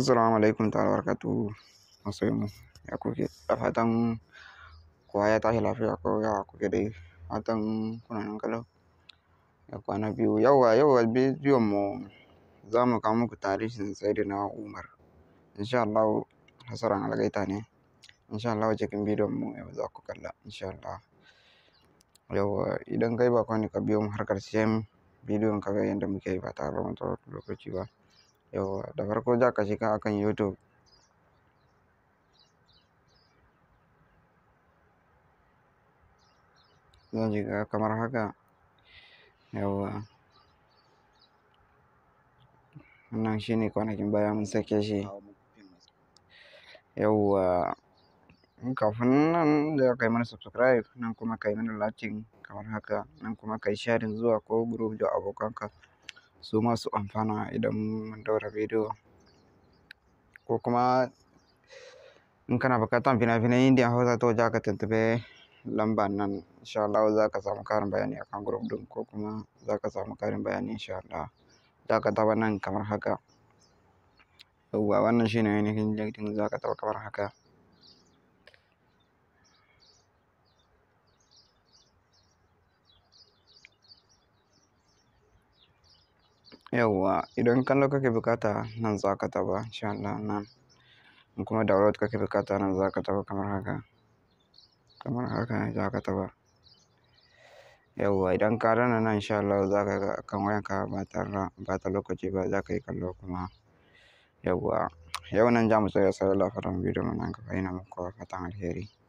Assalamu alaikum masu yi mu ya kuke da fatan kowa ya tashi lafiya ko ya kuke dai fatan kuna nan kalau ya kwana biyu yawa yawa bidiyon mu za mu kawo muku tarihin na Umar insha Allah hasaran algaita ne insha Allah cikin bidiyon mu yau za ku kalla insha Allah yawa idan kai ba kwani ka biyo mu har karshen bidiyon ka ga yadda muke yi ba tare da wani lokaci ba yauwa da farko za ka shiga akan youtube zan shiga kamar haka yauwa wannan shi ne kwanakin baya mun sake shi yauwa kafin nan da ka yi mana subscribe nan kuma ka yi mana latin kamar haka nan kuma ka yi sharing zuwa ko group da abokanka su ma su amfana idan mun ɗaura bidiyo ko kuma in kana buƙatar fina-finan indiya Hausa to za ka tuntuɓi lamba nan insha Allah za ka samu ƙarin bayani akan group din ko kuma za ka samu ƙarin bayani insha Allah za ka taba nan kamar haka yauwa wannan shine ne yanayin jirgin za ka taba kamar haka Yauwa idan kallo kake bukata nan za ka taɓa insha Allah nan. In kuma download kake bukata nan za ka taɓa kamar haka. Kamar haka za ka taɓa. Yauwa idan ka danna nan insha Allah za ka ga akan wayanka ba tare lokaci ba za ka yi kallo kuma. Yauwa yau nan za mu tsaya sai Allah ya hada mu bidiyo nan gaba ina muku fatan alheri.